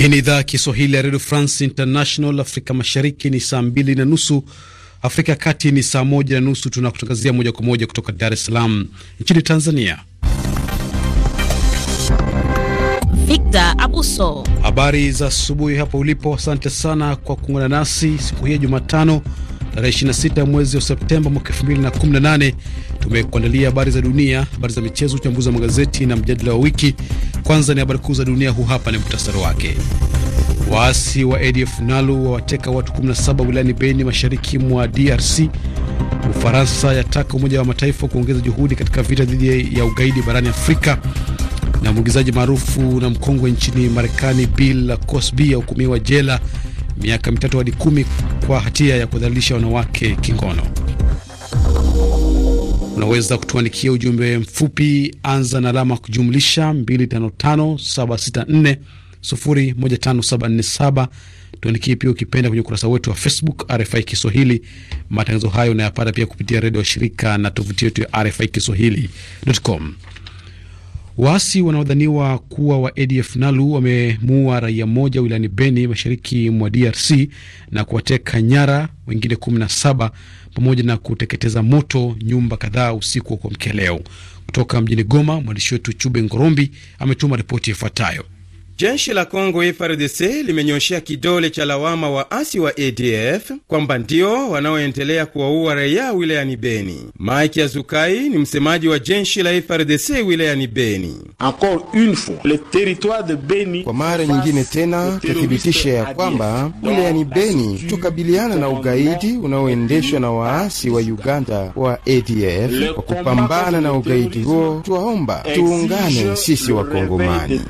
Hii ni idhaa ya Kiswahili ya redio France International. Afrika mashariki ni saa mbili na nusu, Afrika ya kati ni saa moja na nusu. Tunakutangazia moja kwa moja kutoka Dar es Salaam nchini Tanzania. Victor Abuso, habari za asubuhi hapo ulipo. Asante sana kwa kuungana nasi siku hii ya Jumatano tarehe 26 mwezi wa Septemba mwaka 2018. Tumekuandalia habari za dunia, habari za michezo, uchambuzi wa magazeti na mjadala wa wiki. Kwanza ni habari kuu za dunia, huu hapa ni muhtasari wake. Waasi wa ADF NALU wawateka watu 17 wilayani Beni, mashariki mwa DRC. Ufaransa yataka Umoja wa Mataifa kuongeza juhudi katika vita dhidi ya ugaidi barani Afrika. Na mwigizaji maarufu na mkongwe nchini Marekani Bill Cosby ahukumiwa jela miaka mitatu hadi kumi kwa hatia ya kudhalilisha wanawake kingono. Unaweza kutuandikia ujumbe mfupi, anza na alama kujumlisha 255764015747. Tuandikie pia ukipenda kwenye ukurasa wetu wa Facebook RFI Kiswahili. Matangazo hayo unayapata pia kupitia redio ya shirika na tovuti yetu ya RFI Kiswahili.com. Waasi wanaodhaniwa kuwa wa ADF Nalu wamemuua raia mmoja wilayani Beni, mashariki mwa DRC na kuwateka nyara wengine 17 pamoja na kuteketeza moto nyumba kadhaa usiku wa kuamkia leo. Kutoka mjini Goma, mwandishi wetu Chube Ngorombi ametuma ripoti ifuatayo. Jeshi la Kongo frdc limenyoshea kidole cha lawama waasi wa ADF kwamba ndio wanaoendelea kuwaua raia wilayani Beni. Mike Azukai ni msemaji wa jeshi la frdc wilayani Beni. Kwa mara nyingine tena tathibitisha ya kwamba wilayani Beni tukabiliana na ugaidi unaoendeshwa na waasi wa Uganda wa ADF. Kwa kupambana na ugaidi huo, tuwaomba tuungane sisi Wakongomani.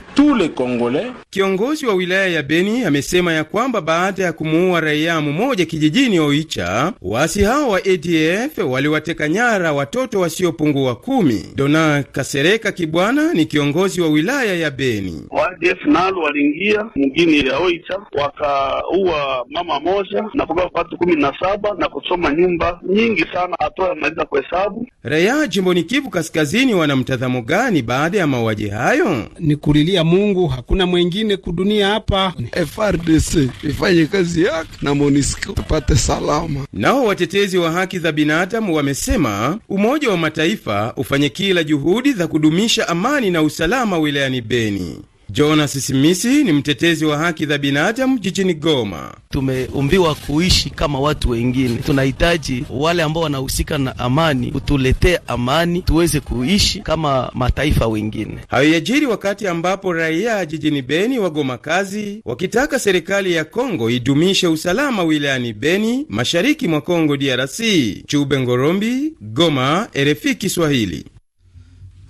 Kiongozi wa wilaya ya Beni amesema ya kwamba baada ya kumuua raia mmoja kijijini Oicha, waasi hao wa ADF waliwateka nyara watoto wasiopungua wa kumi. Dona Kasereka Kibwana ni kiongozi wa wilaya ya Beni. ADF nalo waliingia mgini ya Oicha wakaua mama moja na kuga watu kumi na saba na kusoma nyumba nyingi sana, hatoa maliza kuhesabu. Raia jimboni Kivu Kaskazini wana mtazamo gani baada ya mauaji hayo? Ni kulilia Mungu, hakuna mwengine kudunia hapa. FRDC ifanye kazi yake na MONUSCO tupate salama. Nao watetezi wa haki za binadamu wamesema Umoja wa Mataifa ufanye kila juhudi za kudumisha amani na usalama wilayani Beni. Jonas Simisi ni mtetezi wa haki za binadamu jijini Goma. Tumeumbiwa kuishi kama watu wengine, tunahitaji wale ambao wanahusika na amani kutuletea amani, tuweze kuishi kama mataifa wengine. Hayo yajiri wakati ambapo raia jijini Beni wagoma kazi wakitaka serikali ya Kongo idumishe usalama wilayani Beni, mashariki mwa Kongo DRC. Chube Ngorombi, Goma, RFI Kiswahili.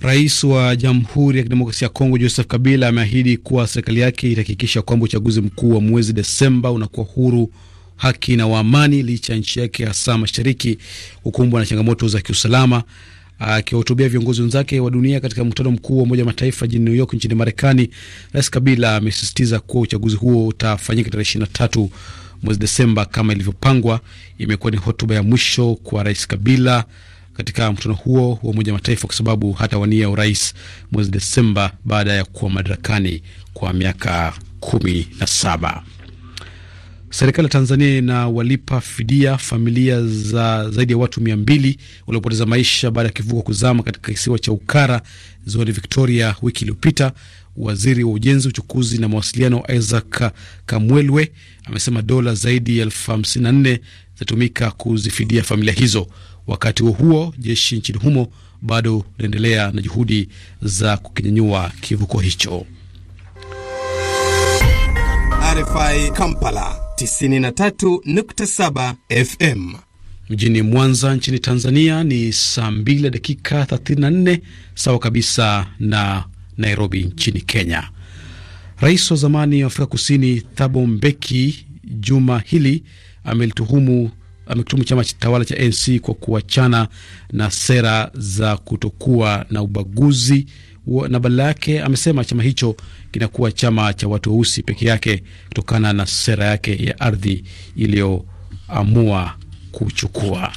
Rais wa Jamhuri ya Kidemokrasia ya Kongo Joseph Kabila ameahidi kuwa serikali yake itahakikisha kwamba uchaguzi mkuu wa mwezi Desemba unakuwa huru, haki na wa amani, licha ya nchi yake hasa mashariki kukumbwa na changamoto za kiusalama. Akiwahutubia viongozi wenzake wa dunia katika mkutano mkuu wa Umoja wa Mataifa jijini New York nchini Marekani, Rais Kabila amesisitiza kuwa uchaguzi huo utafanyika tarehe 23 mwezi Desemba kama ilivyopangwa. Imekuwa ni hotuba ya mwisho kwa Rais Kabila katika mkutano huo wa Umoja Mataifa kwa sababu wania urais mwezi Desemba baada ya kuwa madarakani kwa miaka kumi na saba. Serikali ya Tanzania inawalipa fidia familia za zaidi ya watu mia mbili waliopoteza maisha baada ya kivuko kuzama katika kisiwa cha Ukara ziwani Victoria wiki iliyopita. Waziri wa Ujenzi, Uchukuzi na Mawasiliano Isaac Kamwelwe amesema dola zaidi ya elfu hamsini na nne zitatumika kuzifidia familia hizo. Wakati huo huo, jeshi nchini humo bado linaendelea na juhudi za kukinyanyua kivuko hicho. RFI Kampala 93.7 FM. Mjini Mwanza nchini Tanzania ni saa 2 dakika 34, sawa kabisa na Nairobi nchini Kenya. Rais wa zamani wa Afrika Kusini Thabo Mbeki juma hili amelituhumu amekitumu chama tawala cha nc kwa kuachana na sera za kutokuwa na ubaguzi na badala yake amesema chama hicho kinakuwa chama cha watu weusi peke yake kutokana na sera yake ya ardhi iliyoamua kuchukua.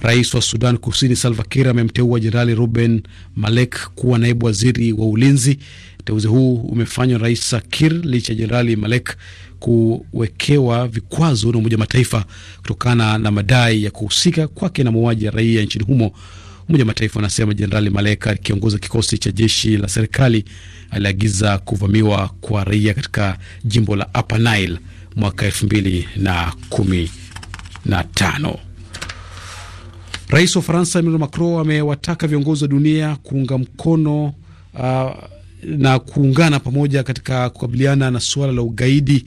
Rais wa Sudan Kusini Salva Kiir amemteua Jenerali Ruben Malek kuwa naibu waziri wa ulinzi. Uteuzi huu umefanywa Rais Kiir licha ya Jenerali Malek kuwekewa vikwazo na Umoja Mataifa kutokana na madai ya kuhusika kwake na mauaji ya raia nchini humo. Umoja Mataifa anasema Jenerali Maleka akiongoza kikosi cha jeshi la serikali aliagiza kuvamiwa kwa raia katika jimbo la Upper Nile mwaka elfu mbili na kumi na tano. Rais wa Faransa Emmanuel Macron amewataka viongozi wa dunia kuunga mkono uh, na kuungana pamoja katika kukabiliana na suala la ugaidi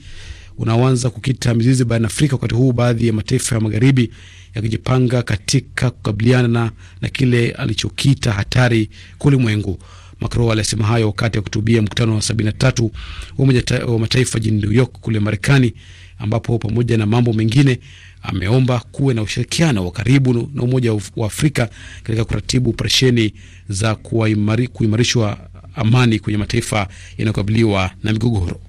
unaoanza kukita mizizi barani Afrika, wakati huu baadhi ya mataifa ya magharibi yakijipanga katika kukabiliana na, na kile alichokita hatari kwa ulimwengu. Macron alisema hayo wakati wa kutubia mkutano wa 73 wa mataifa jini New York kule Marekani, ambapo pamoja na mambo mengine ameomba kuwe na ushirikiano wa karibu na Umoja wa Afrika katika kuratibu operesheni za kuimarishwa amani kwenye mataifa yanayokabiliwa na migogoro.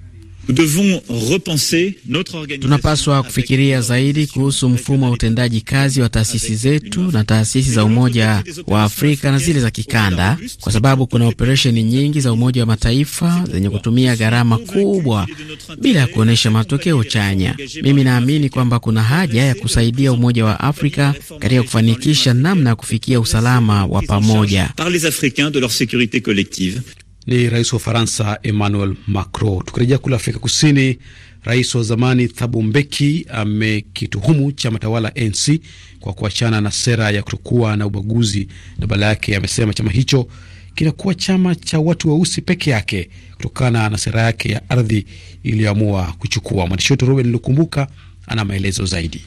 Tunapaswa kufikiria zaidi kuhusu mfumo wa utendaji kazi wa taasisi zetu na taasisi za Umoja wa Afrika na zile za kikanda, kwa sababu kuna operesheni nyingi za Umoja wa Mataifa zenye kutumia gharama kubwa bila ya kuonyesha matokeo chanya. Mimi naamini kwamba kuna haja ya kusaidia Umoja wa Afrika katika kufanikisha namna ya kufikia usalama wa pamoja ni rais wa Ufaransa Emmanuel Macron. Tukirejea kule Afrika Kusini, rais wa zamani Thabo Mbeki amekituhumu chama tawala ANC kwa kuachana na sera ya kutokuwa na ubaguzi, na badala yake amesema chama hicho kinakuwa chama cha watu weusi peke yake kutokana na sera yake ya ardhi iliyoamua kuchukua. Mwandishi wetu Ruben Lukumbuka ana maelezo zaidi.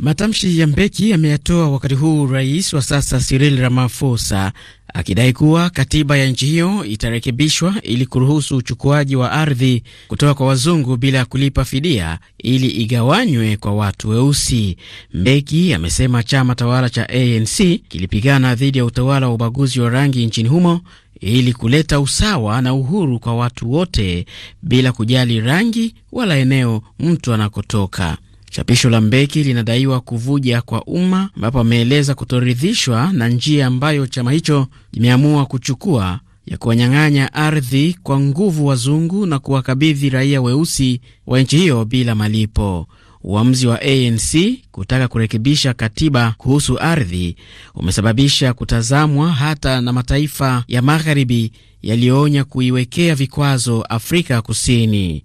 Matamshi ya Mbeki ameyatoa wakati huu rais wa sasa Cyril Ramaphosa akidai kuwa katiba ya nchi hiyo itarekebishwa ili kuruhusu uchukuaji wa ardhi kutoka kwa wazungu bila ya kulipa fidia ili igawanywe kwa watu weusi. Mbeki amesema chama tawala cha ANC kilipigana dhidi ya utawala wa ubaguzi wa rangi nchini humo ili kuleta usawa na uhuru kwa watu wote bila kujali rangi wala eneo mtu anakotoka. Chapisho la Mbeki linadaiwa kuvuja kwa umma, ambapo ameeleza kutoridhishwa na njia ambayo chama hicho imeamua kuchukua ya kuwanyang'anya ardhi kwa nguvu wazungu na kuwakabidhi raia weusi wa nchi hiyo bila malipo. Uamuzi wa ANC kutaka kurekebisha katiba kuhusu ardhi umesababisha kutazamwa hata na mataifa ya magharibi yaliyoonya kuiwekea vikwazo Afrika Kusini.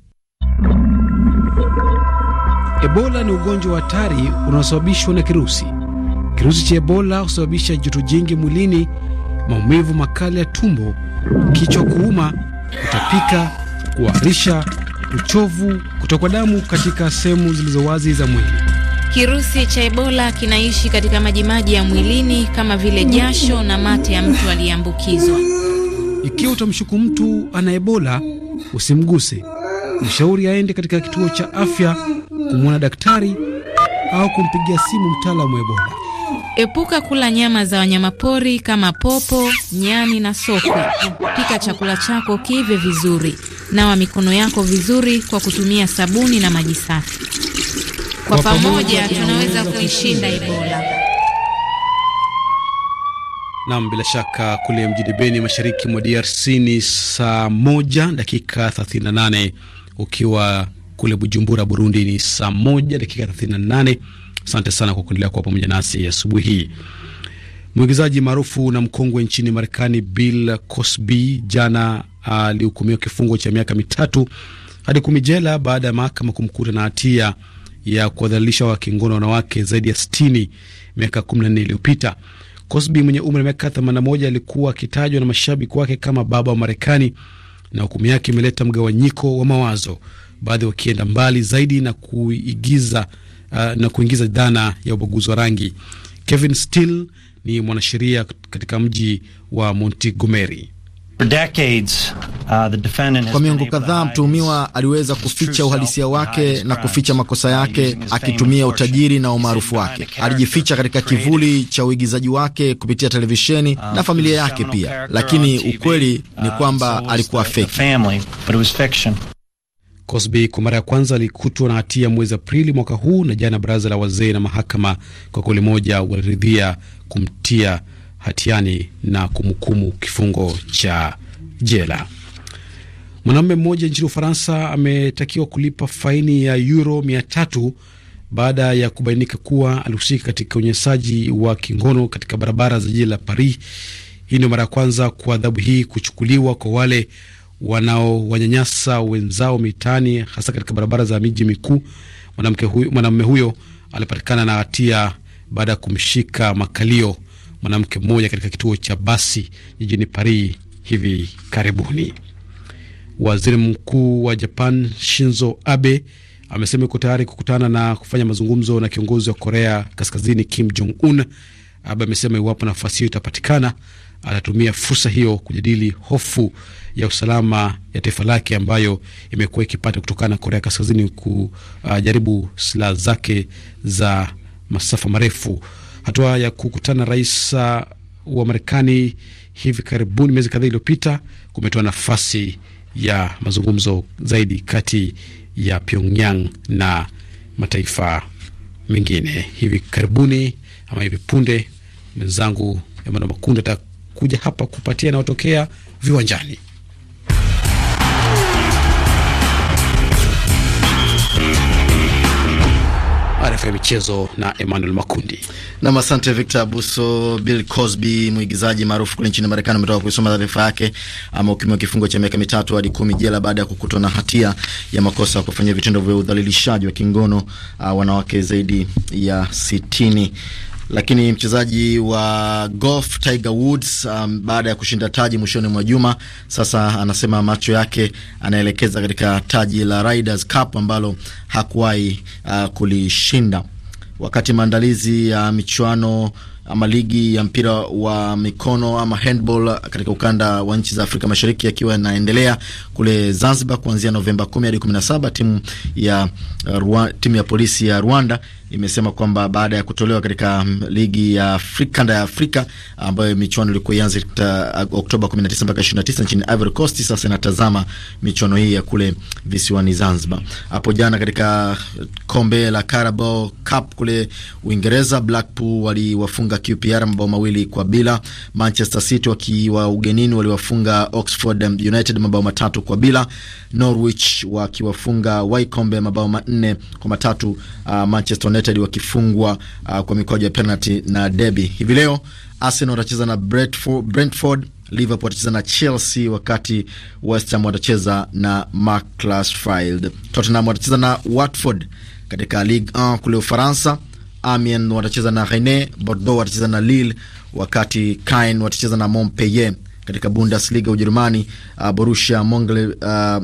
Ebola ni ugonjwa wa hatari unaosababishwa na kirusi. Kirusi cha Ebola husababisha joto jingi mwilini, maumivu makali ya tumbo, kichwa kuuma, kutapika, kuharisha, uchovu, kutokwa damu katika sehemu zilizo wazi za mwili. Kirusi cha Ebola kinaishi katika majimaji ya mwilini kama vile jasho na mate ya mtu aliyeambukizwa. Ikiwa utamshuku mtu ana Ebola, usimguse, mshauri aende katika kituo cha afya kumwona daktari au kumpigia simu mtaalamu wa Ebola. Epuka kula nyama za wanyamapori kama popo, nyani na sokwe. Pika chakula chako kiive vizuri. Nawa mikono yako vizuri kwa kutumia sabuni na maji safi. Kwa, kwa pamoja tunaweza kuishinda Ebola. Nam, bila shaka kule mjini Beni, mashariki mwa DRC ni saa moja dakika 38 ukiwa kule Bujumbura, Burundi ni saa moja dakika 38. Asante sana kwa kuendelea kuwa pamoja nasi asubuhi hii. Mwigizaji maarufu na mkongwe nchini Marekani Bill Cosby jana ah, alihukumiwa kifungo cha miaka mitatu hadi kumi jela baada ya mahakama kumkuta na hatia ya kuwadhalilisha wakingono wanawake zaidi ya 60 miaka 14 iliyopita. Cosby mwenye umri wa miaka 81 alikuwa akitajwa na mashabiki wake kama baba wa Marekani, na hukumu yake imeleta mgawanyiko wa mawazo baadhi wakienda mbali zaidi na kuigiza uh, na kuingiza dhana ya ubaguzi wa rangi. Kevin Steele ni mwanasheria katika mji wa Montgomery. Uh, kwa miongo kadhaa mtuhumiwa aliweza kuficha uhalisia wake na kuficha makosa yake akitumia utajiri na umaarufu wake. Alijificha katika kivuli cha uigizaji wake kupitia televisheni uh, na familia yake pia, lakini ukweli ni uh, kwamba alikuwa feki. Cosby kwa mara ya kwanza alikutwa na hatia mwezi Aprili mwaka huu, na jana baraza la wazee na mahakama kwa kauli moja waliridhia kumtia hatiani na kumhukumu kifungo cha jela. Mwanamume mmoja nchini Ufaransa ametakiwa kulipa faini ya euro mia tatu baada ya kubainika kuwa alihusika katika unyanyasaji wa kingono katika barabara za jiji la Paris. Hii ndio mara ya kwanza kwa adhabu hii kuchukuliwa kwa wale wanaowanyanyasa wenzao mitaani, hasa katika barabara za miji mikuu. Mwanamke huyo, mwanamume huyo alipatikana na hatia baada ya kumshika makalio mwanamke mmoja katika kituo cha basi jijini Paris hivi karibuni. Waziri Mkuu wa Japan Shinzo Abe amesema yuko tayari kukutana na kufanya mazungumzo na kiongozi wa Korea Kaskazini Kim Jong Un. Abe amesema iwapo nafasi hiyo itapatikana atatumia fursa hiyo kujadili hofu ya usalama ya taifa lake ambayo imekuwa ikipata kutokana na Korea Kaskazini kujaribu silaha zake za masafa marefu. Hatua ya kukutana rais uh, wa Marekani hivi karibuni miezi kadhaa iliyopita kumetoa nafasi ya mazungumzo zaidi kati ya Pyongyang na mataifa mengine. Hivi karibuni ama hivi punde, mwenzangu Emmanuel Makundi kuja hapa kupatia yanayotokea viwanjani. ya michezo na Emmanuel Makundi. Nam, asante Victor Abuso. Bill Cosby, mwigizaji maarufu kule nchini Marekani, ametoka kusoma taarifa yake. Amehukumiwa kifungo cha miaka mitatu hadi kumi jela baada ya kukutwa na hatia ya makosa ya kufanyia vitendo vya udhalilishaji wa kingono uh, wanawake zaidi ya sitini. Lakini mchezaji wa golf Tiger Woods um, baada ya kushinda taji mwishoni mwa juma, sasa anasema macho yake anaelekeza katika taji la Riders Cup ambalo hakuwahi uh, kulishinda. Wakati maandalizi ya michuano ama ligi ya mpira wa mikono ama handball katika ukanda wa nchi za Afrika Mashariki yakiwa yanaendelea kule Zanzibar kuanzia Novemba 10 hadi 17, timu ya, uh, timu ya polisi ya Rwanda imesema kwamba baada ya kutolewa katika mm, ligi ya Afrika kanda ya Afrika ambayo michuano ilikuwa ianze uh, Oktoba 19 mpaka 29 nchini Ivory Coast, sasa inatazama michuano hii ya kule visiwani Zanzibar. Hapo jana katika kombe la Carabao Cup kule Uingereza, Blackpool waliwafunga QPR mabao mawili kwa bila. Manchester City wakiwa ugenini waliwafunga Oxford United mabao matatu kwa bila. Norwich wakiwafunga Wycombe mabao manne kwa matatu. Uh, Manchester United wakifungwa uh, kwa mikwaju ya penalty na derby. Hivi leo Arsenal watacheza na Brentford, Brentford Liverpool watacheza na Chelsea, wakati West Ham watacheza na Macclesfield. Tottenham watacheza na Watford. Katika Ligue 1 kule Ufaransa, Amiens watacheza na Rennes, Bordeaux watacheza na Lille, wakati Caen watacheza na Montpellier katika Bundesliga Ujerumani. Uh, Borussia uh,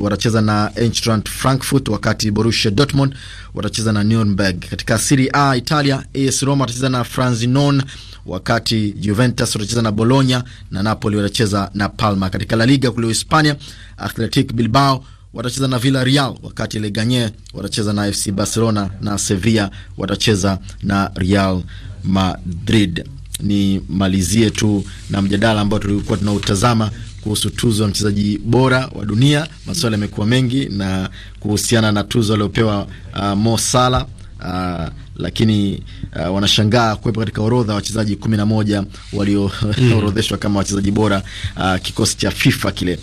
watacheza na Eintracht Frankfurt, wakati Borussia Dortmund watacheza na Nuremberg. Katika Serie A Italia, AS Roma watacheza na Frosinone, wakati Juventus watacheza na Bologna na Napoli watacheza na Palma. Katika La Liga kule Hispania, Athletic Bilbao watacheza na Villarreal wakati Leganye watacheza na FC Barcelona na Sevilla watacheza na Real Madrid nimalizie tu na mjadala ambao tulikuwa tunautazama kuhusu tuzo ya mchezaji bora wa dunia. Maswali yamekuwa mengi na kuhusiana na tuzo aliyopewa uh, Mo Salah uh, lakini uh, wanashangaa kuwepo katika orodha wachezaji kumi na moja walioorodheshwa mm. kama wachezaji bora uh, kikosi cha FIFA kile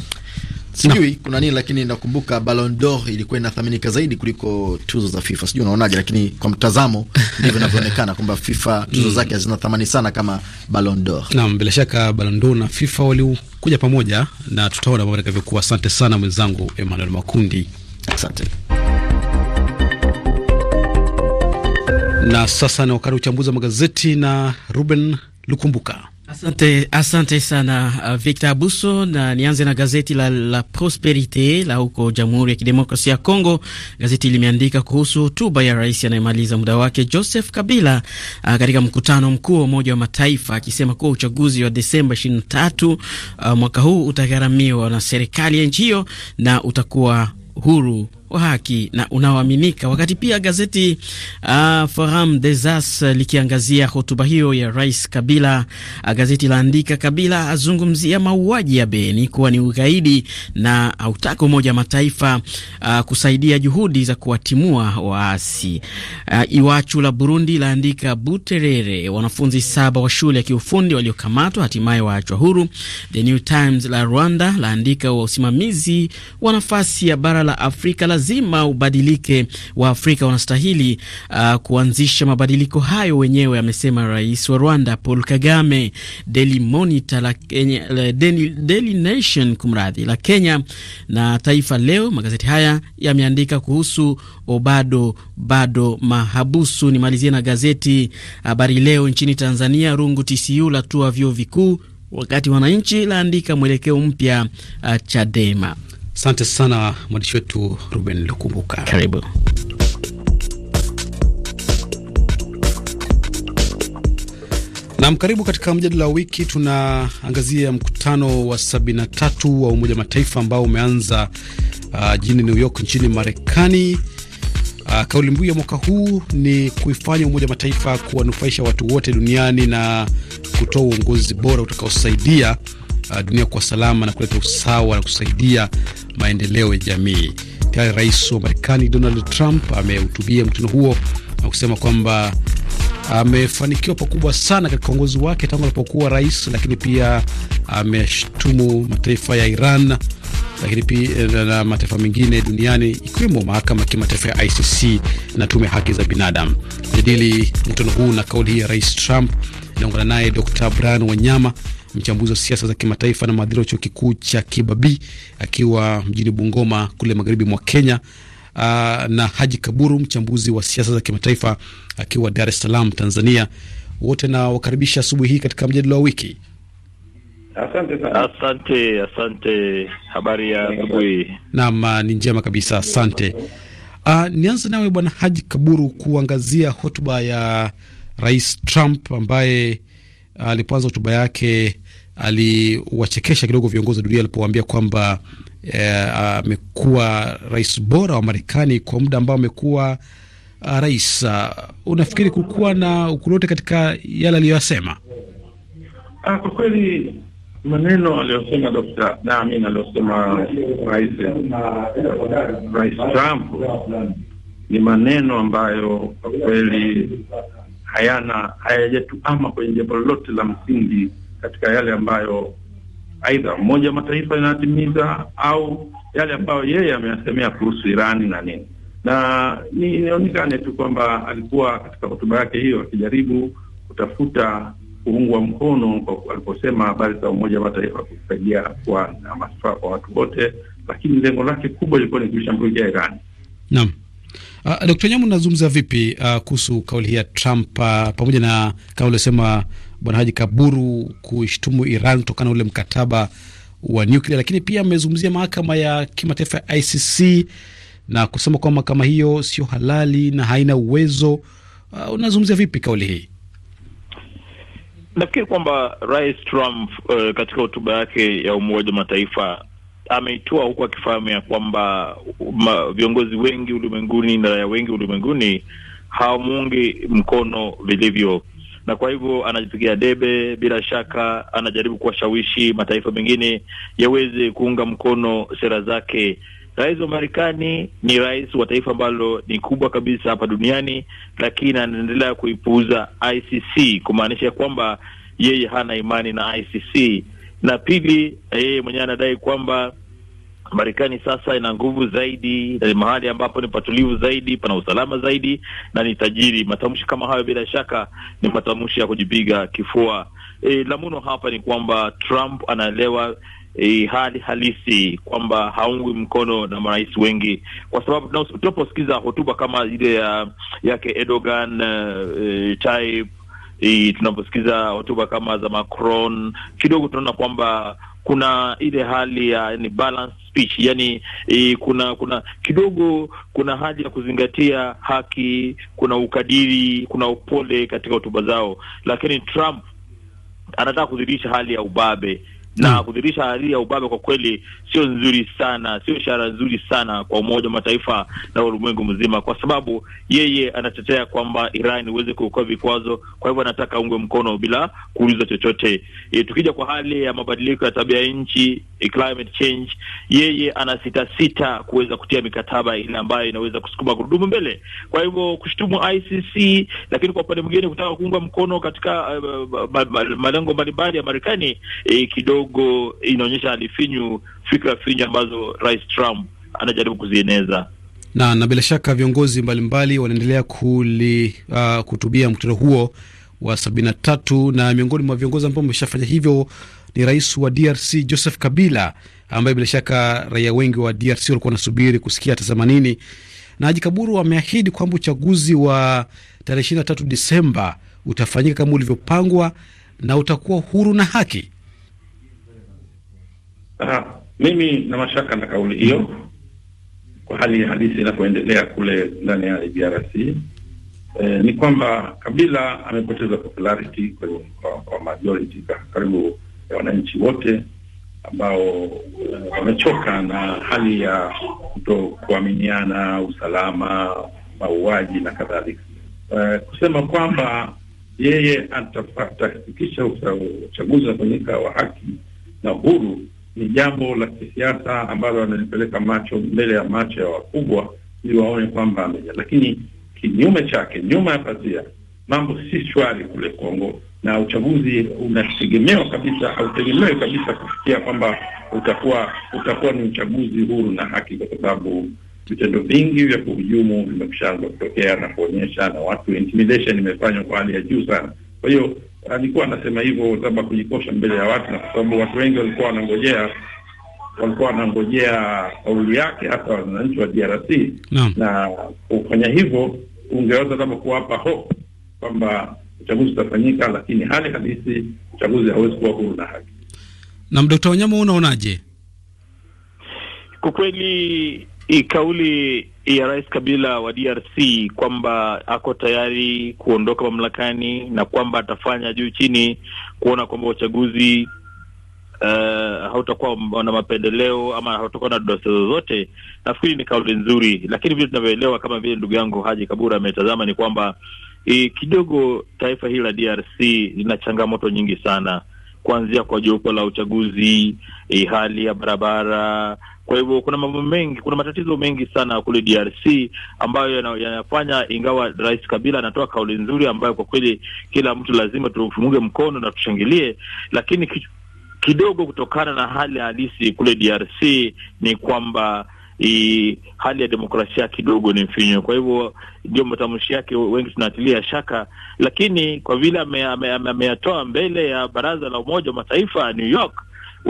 sijui no. kuna nini lakini nakumbuka Ballon d'Or ilikuwa inathaminika zaidi kuliko tuzo za FIFA. Sijui unaonaje, lakini kwa mtazamo ndivyo inavyoonekana kwamba FIFA tuzo mm. zake hazina thamani sana kama Ballon d'Or. Naam, bila shaka Ballon d'Or na FIFA walikuja pamoja na tutaona mambo yatakavyokuwa. Asante sana mwenzangu Emmanuel Makundi, asante. Na sasa ni wakati wa uchambuzi wa magazeti na Ruben Lukumbuka. Asante, asante sana uh, Victor Abuso, na nianze na gazeti la, la Prosperite la huko Jamhuri ya Kidemokrasia ya Kongo. Gazeti limeandika kuhusu hotuba ya rais anayemaliza muda wake Joseph Kabila uh, katika mkutano mkuu wa Umoja wa Mataifa akisema kuwa uchaguzi wa Desemba 23 uh, mwaka huu utagharamiwa na serikali ya nchi hiyo na utakuwa huru wa haki na unaoaminika. Wakati pia gazeti uh, Forum des As likiangazia hotuba hiyo ya Rais Kabila, uh, gazeti laandika Kabila azungumzia mauaji ya Beni kuwa ni ugaidi na autaka Umoja wa Mataifa uh, kusaidia juhudi za kuwatimua waasi. Uh, Iwachu la Burundi laandika Buterere, wanafunzi saba wa shule ya kiufundi waliokamatwa hatimaye waachwa huru. The New Times la Rwanda laandika wa usimamizi wa nafasi ya bara la Afrika la lazima ubadilike. wa afrika wanastahili uh, kuanzisha mabadiliko hayo wenyewe, amesema rais wa Rwanda Paul Kagame. Daily Monitor la Kenya, la Daily, Daily Nation kumradhi, la Kenya na Taifa Leo, magazeti haya yameandika kuhusu Obado bado mahabusu. Nimalizie na gazeti Habari Leo nchini Tanzania, rungu TCU latua vyuo vikuu wakati wananchi laandika mwelekeo mpya uh, Chadema. Asante sana mwandishi wetu Ruben Lukumbuka, karibu. Nam, karibu katika mjadala wa wiki. Tunaangazia mkutano wa 73 wa Umoja wa Mataifa ambao umeanza uh, jijini New York nchini Marekani. Uh, kauli mbiu ya mwaka huu ni kuifanya Umoja wa Mataifa kuwanufaisha watu wote duniani na kutoa uongozi bora utakaosaidia uh, dunia kwa salama na kuleta usawa na kusaidia maendeleo ya jamii. Tayari rais wa Marekani Donald Trump amehutubia mkutano huo na kusema kwamba amefanikiwa pakubwa sana katika uongozi wake tangu alipokuwa rais, lakini pia ameshtumu mataifa ya Iran lakini pia eh, na mataifa mengine duniani ikiwemo mahakama ya kimataifa ya ICC na tume ya haki za binadamu. Jadili mkutano huu na kauli hii ya rais Trump inaungana naye Dr Brian Wanyama mchambuzi wa siasa za kimataifa na mhadhiri wa chuo kikuu cha Kibabi akiwa mjini Bungoma kule magharibi mwa Kenya. Uh, na Haji Kaburu mchambuzi wa siasa za kimataifa akiwa Dar es Salaam Tanzania. Wote nawakaribisha asubuhi hii katika mjadala wa wiki. Asante sana. Asante, asante. Habari ya asubuhi. Naam, uh, ni njema kabisa, asante. Uh, nianze nawe Bwana Haji Kaburu kuangazia hotuba ya Rais Trump ambaye uh, alipoanza uh, hotuba yake aliwachekesha kidogo viongozi wa dunia alipowaambia kwamba eh, amekuwa rais bora wa Marekani kwa muda ambao amekuwa uh, rais. Uh, unafikiri kukuwa na ukulote katika yale aliyoyasema? Ah, kwa kweli maneno aliyosema Dr. Damin aliyosema rais rais Trump ni maneno ambayo kwa kweli hayana hayajatuama kwenye jambo lolote la msingi katika yale ambayo aidha Umoja wa Mataifa inatimiza au yale ambayo yeye ameyasemea kuhusu Irani na nini, na nionekane tu kwamba alikuwa katika hotuba yake hiyo akijaribu kutafuta kuungwa mkono aliposema habari za Umoja wa Mataifa kusaidia kuwa na manufaa kwa watu wote, lakini lengo lake kubwa lilikuwa ni kuishambulia Irani. Naam. Uh, ah, Dr. Nyamu, nazungumza vipi uh, kuhusu kauli hii ya Trump uh, pamoja na kama uliosema Bwana Haji Kaburu kuishtumu Iran kutokana na ule mkataba wa nuclear, lakini pia amezungumzia mahakama ya kimataifa ya ICC na kusema kwamba mahakama hiyo sio halali na haina uwezo uh, unazungumzia vipi kauli hii? Nafikiri kwamba Rais Trump uh, katika hotuba yake ya Umoja wa Mataifa ameitoa huku akifahamu ya kwamba viongozi wengi ulimwenguni na raia wengi ulimwenguni hawamuungi mkono vilivyo, na kwa hivyo anajipigia debe. Bila shaka anajaribu kuwashawishi mataifa mengine yaweze kuunga mkono sera zake. Rais wa Marekani ni rais wa taifa ambalo ni kubwa kabisa hapa duniani, lakini anaendelea kuipuuza ICC, kumaanisha kwamba yeye hana imani na ICC na pili, yeye mwenyewe anadai kwamba Marekani sasa ina nguvu zaidi na ni mahali ambapo ni patulivu zaidi, pana usalama zaidi na ni tajiri. Matamshi kama hayo bila shaka ni matamshi ya kujipiga kifua. E, la muno hapa ni kwamba Trump anaelewa e, hali halisi kwamba haungwi mkono na marais wengi, kwa sababu tunaposikiza hotuba kama ile ya yake Erdogan, e, e Tayyip Eh, tunaposikiza hotuba kama za Macron kidogo tunaona kwamba kuna ile hali ya ni balance speech yani, e, kuna kuna kidogo kuna haja ya kuzingatia haki, kuna ukadiri, kuna upole katika hotuba zao, lakini Trump anataka kuzidisha hali ya ubabe na mm. kudhirisha hali ya ubabe kwa kweli sio nzuri sana, sio ishara nzuri sana kwa Umoja wa Mataifa na ulimwengu mzima, kwa sababu yeye anatetea kwamba Iran iweze kuokoa vikwazo. Kwa hivyo anataka ungwe mkono bila kuuliza chochote. E, tukija kwa hali ya mabadiliko ya tabia nchi e, climate change, yeye anasitasita kuweza kutia mikataba ile ambayo inaweza kusukuma gurudumu mbele. Kwa hivyo kushutumu ICC, lakini kwa upande mwingine kutaka kuunga mkono katika uh, malengo mbalimbali ya Marekani e, kidogo kidogo inaonyesha alifinyu fikra finyu ambazo Rais Trump anajaribu kuzieneza na na bila shaka viongozi mbalimbali wanaendelea kuli uh, kutubia mkutano huo wa sabini na tatu na miongoni mwa viongozi ambao wameshafanya hivyo ni rais wa DRC Joseph Kabila, ambaye bila shaka raia wengi wa DRC walikuwa wanasubiri kusikia atazama nini. Na Haji Kaburu ameahidi kwamba uchaguzi wa tarehe 23 Disemba utafanyika kama ulivyopangwa na utakuwa huru na haki. Ah, mimi na mashaka na kauli hiyo kwa hali ya halisi inapoendelea kule ndani ya DRC. Eh, ni kwamba Kabila amepoteza popularity kwenye kwa, kwa majority karibu ya wananchi wote ambao eh, wamechoka na hali ya kutokuaminiana, usalama, mauaji na kadhalika. Uh, kusema kwamba yeye atahakikisha uchaguzi unafanyika wa haki na uhuru ni jambo la kisiasa ambalo analipeleka macho mbele ya macho ya wakubwa, ili waone kwamba ameja. Lakini kinyume chake, nyuma ya pazia, mambo si shwari kule Kongo, na uchaguzi unategemewa kabisa, hautegemewi kabisa kufikia kwamba utakuwa utakuwa ni uchaguzi huru na haki, kwa sababu vitendo vingi vya kuhujumu vimekushaanza kutokea na kuonyesha, na watu intimidation imefanywa kwa hali ya juu sana. Kwa hiyo alikuwa anasema hivyo, labda kujikosha mbele ya watu, na kwa sababu watu wengi walikuwa wanangojea walikuwa wanangojea kauli yake, hasa wananchi wa DRC no. na kufanya hivyo ungeweza labda kuwapa hope kwamba uchaguzi utafanyika, lakini hali halisi uchaguzi hawezi kuwa huru na haki. Na Dkt. Wanyama, unaonaje? Kwa kweli hii kauli ya Rais Kabila wa DRC kwamba ako tayari kuondoka mamlakani na kwamba atafanya juu chini kuona kwamba uchaguzi uh, hautakuwa na mapendeleo ama hautakuwa na dosa zozote, nafikiri ni kauli nzuri, lakini vile tunavyoelewa, kama vile ndugu yangu Haji Kabura ametazama, ni kwamba e, kidogo taifa hili la DRC lina changamoto nyingi sana, kuanzia kwa jopo la uchaguzi eh, hali ya barabara kwa hivyo kuna mambo mengi, kuna matatizo mengi sana kule DRC ambayo yanafanya, ingawa Rais Kabila anatoa kauli nzuri ambayo kwa kweli kila mtu lazima tumuunge mkono na tushangilie, lakini kidogo kutokana na hali halisi kule DRC ni kwamba i, hali ya demokrasia kidogo ni mfinyo. Kwa hivyo ndio matamshi yake wengi tunatilia shaka, lakini kwa vile ameyatoa mbele ya baraza la Umoja wa Mataifa New York,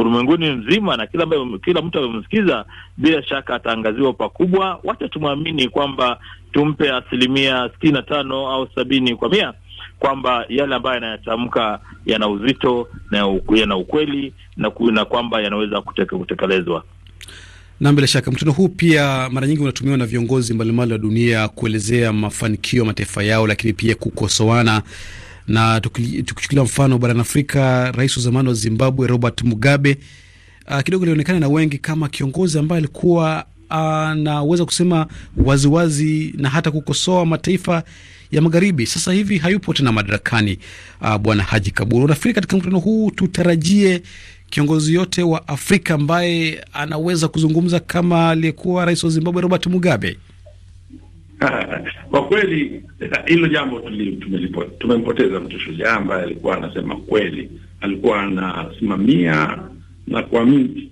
ulimwenguni mzima, na kila ambaye kila mtu amemsikiza bila shaka ataangaziwa pakubwa. Wacha tumwamini kwamba tumpe asilimia sitini na tano au sabini kwa mia kwamba yale ambayo yanayatamka yana uzito na yana ukweli na, na kwamba yanaweza kutekelezwa. Na bila shaka mtindo huu pia mara nyingi unatumiwa na viongozi mbalimbali wa dunia kuelezea mafanikio ya mataifa yao, lakini pia kukosoana na tukichukulia mfano barani Afrika, rais wa zamani wa Zimbabwe Robert Mugabe uh, kidogo alionekana na wengi kama kiongozi ambaye alikuwa ah, anaweza uh, kusema waziwazi na hata kukosoa mataifa ya magharibi. Sasa hivi hayupo tena madarakani. Uh, bwana Haji Kaburu, unafikiri katika mkutano huu tutarajie kiongozi yote wa Afrika ambaye anaweza kuzungumza kama aliyekuwa rais wa Zimbabwe Robert Mugabe? Kwa kweli hilo jambo tumempoteza mtu shujaa ambaye alikuwa anasema kweli, alikuwa anasimamia na kuamini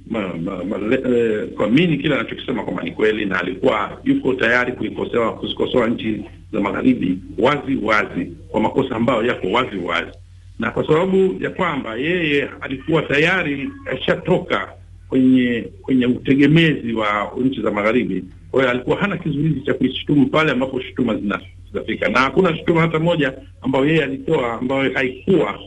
eh, kuamini kile anachokisema kwamba ni kweli, na alikuwa yuko tayari kuikosoa kuzikosoa nchi za magharibi wazi wazi kwa makosa ambayo yako wazi wazi, na kwa sababu ya kwamba yeye alikuwa tayari ashatoka kwenye kwenye utegemezi wa nchi za magharibi. Kwa hiyo alikuwa hana kizuizi cha kuishutumu pale ambapo shutuma zinafika, na hakuna shutuma hata moja ambayo yeye alitoa ambayo haikuwa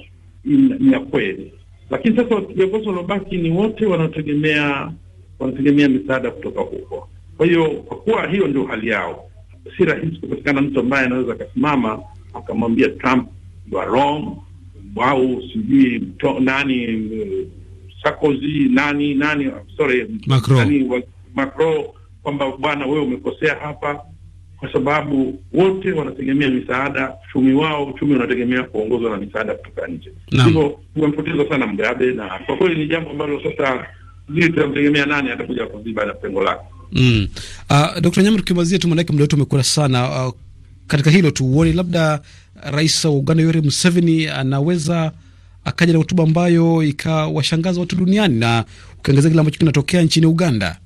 ni ya kweli. Lakini sasa viongozi waliobaki ni wote wanaotegemea wanategemea misaada kutoka huko. Kwa hiyo kwa kuwa hiyo ndio hali yao, si rahisi kupatikana mtu ambaye anaweza akasimama akamwambia Trump you are wrong au sijui nani Sarkozy nani nani, sorry, Macron, nani, Macron kwamba bwana, wewe umekosea hapa, kwa sababu wote wanategemea misaada. Uchumi wao uchumi unategemea kuongozwa na misaada kutoka nje, hivyo tumempoteza sana Mgabe, na kwa kweli ni jambo ambalo sasa sisi tunamtegemea nani atakuja kuziba na pengo lake. Mm. Uh, ah, Dr. Nyama, tukimalizia tu manake muda wetu umekula sana uh, katika hilo tu uone labda rais wa Uganda Yoweri Museveni anaweza uh, akaja na hotuba ambayo ikawashangaza watu duniani, na ukiangazia kile ambacho kinatokea nchini Uganda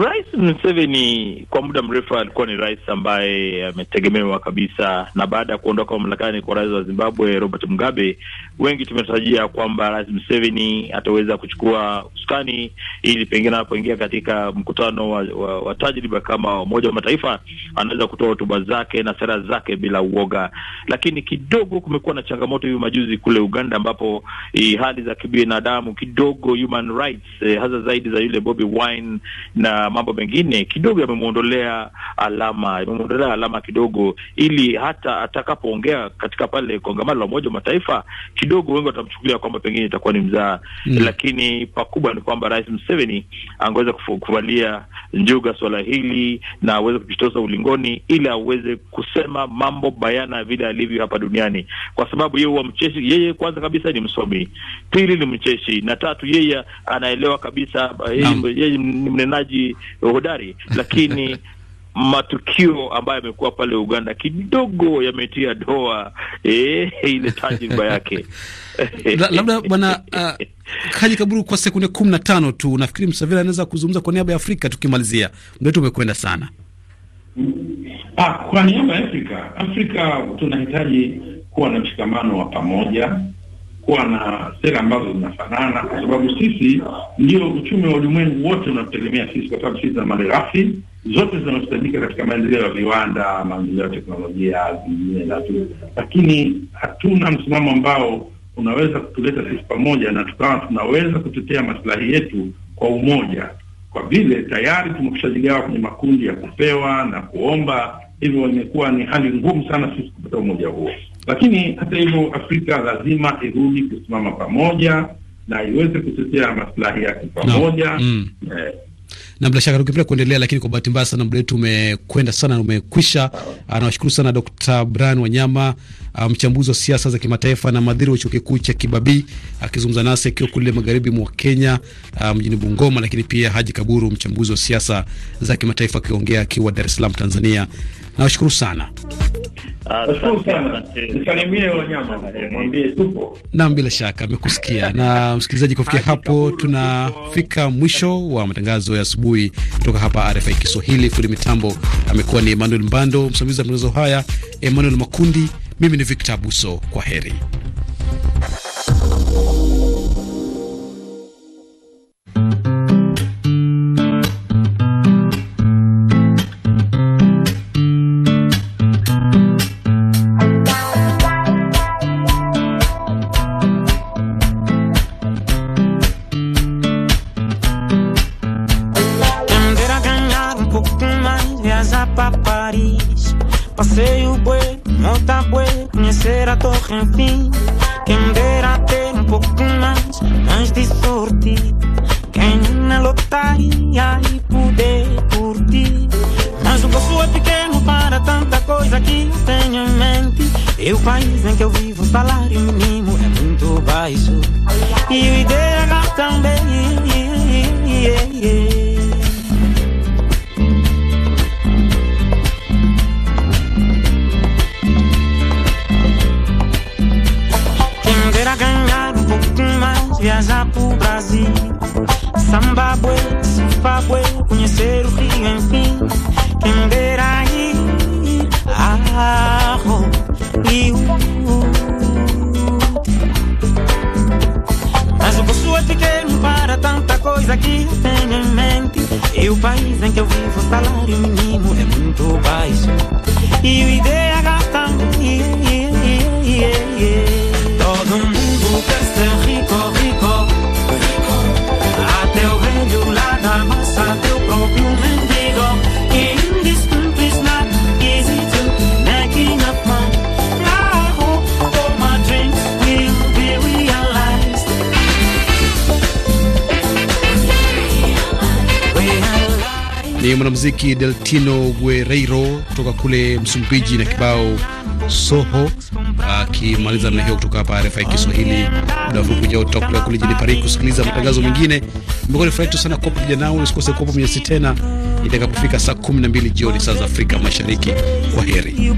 Rais Museveni kwa muda mrefu alikuwa ni rais ambaye ametegemewa kabisa, na baada ya kuondoka mamlakani kwa rais wa Zimbabwe Robert Mugabe, wengi tumetarajia kwamba rais Museveni ataweza kuchukua usukani ili pengine anapoingia katika mkutano wa, wa, wa tajriba kama Umoja wa Mataifa anaweza kutoa hotuba zake na sera zake bila uoga, lakini kidogo kumekuwa na changamoto hivi majuzi kule Uganda, ambapo eh, hali za kibinadamu kidogo human rights, eh, hasa zaidi za yule Bobi Wine na mambo mengine kidogo yamemwondolea alama, yamemwondolea alama kidogo, ili hata atakapoongea katika pale kongamano la Umoja wa Mataifa kidogo wengi watamchukulia kwamba pengine itakuwa ni mzaa mm. Lakini pakubwa ni kwamba Rais Museveni angeweza kuvalia njuga swala hili na aweze kujitosa ulingoni, ili aweze kusema mambo bayana vile alivyo hapa duniani, kwa sababu yeye huwa mcheshi. Yeye kwanza kabisa ni msomi, pili ni mcheshi, na tatu yeye anaelewa kabisa yeye, yeye ni mnenaji hodari, lakini matukio ambayo yamekuwa pale Uganda kidogo yametia doa e, ile tajriba yake labda bwana uh, Kaji Kaburu, kwa sekunde kumi na tano tu, nafikiri Msavila anaweza kuzungumza kwa niaba ya Afrika tukimalizia, muda wetu umekwenda sana. ha, ah, kwa niaba ya Afrika, Afrika tunahitaji kuwa na mshikamano wa pamoja kuwa na sera ambazo zinafanana, kwa sababu sisi ndio uchumi wa ulimwengu wote unaotegemea sisi, kwa sababu sisi na malighafi zote zinazohitajika katika maendeleo ya viwanda, maendeleo ya teknolojia zingine na tu, lakini hatuna msimamo ambao unaweza kutuleta sisi pamoja na tukawa tunaweza kutetea masilahi yetu kwa umoja, kwa vile tayari tumekushajigawa kwenye makundi ya kupewa na kuomba hivyo imekuwa ni hali ngumu sana sisi kupata umoja huo. Lakini hata hivyo, Afrika lazima irudi kusimama pamoja na iweze kutetea maslahi yake pamoja no. mm. eh, na bila shaka tukipenda kuendelea, lakini kwa bahati mbaya sana muda wetu umekwenda sana umekwisha. Nawashukuru sana Dr. Brian Wanyama Ah, mchambuzi wa siasa za kimataifa na mhadhiri wa chuo kikuu cha Kibabii akizungumza nasi akiwa kule magharibi mwa Kenya ah, mjini Bungoma, lakini pia Haji Kaburu mchambuzi wa siasa za kimataifa akiongea akiwa Dar es Salaam, Tanzania. Nawashukuru sana. Naam, bila shaka amekusikia. Na msikilizaji, kufikia hapo tunafika mwisho wa matangazo ya asubuhi kutoka hapa RFI Kiswahili. Fundi mitambo amekuwa ni Emmanuel Mbando, msimamizi wa matangazo haya Emmanuel Makundi. Mimi ni Victor Buso, kwa heri. Passeio bué, monta bué, conhecer a torre, enfim. Quem dera ter um pouco mais, mais de sorte. Quem na lotaria e poder curtir. Mas o gosto é pequeno para tanta coisa que tenho em mente. E o país em que eu vivo, o salário mínimo é muito baixo. E o IDH também. Será ganhar um pouco mais, viajar pro Brasil. Samba boi, conhecer o Rio, enfim. Quem dera aí, a oh, Mas o bolso é pequeno para tanta coisa que eu tenho em mente. E o país em que eu vivo, o salário mínimo é muito baixo. E o IDH também, tá yeah, yeah, yeah, yeah. ni mwanamuziki Deltino Guerreiro kutoka kule Msumbiji na kibao Soho, akimaliza namna hiyo. Kutoka hapa RFI Kiswahili, muda mfupi ujao tutakula kule jini Paris kusikiliza matangazo mengine. Imekuwa ni furaha sana kwa pamoja nao, usikose kuwa pamoja nasi tena itakapofika saa 12 jioni saa za Afrika Mashariki. Kwa heri.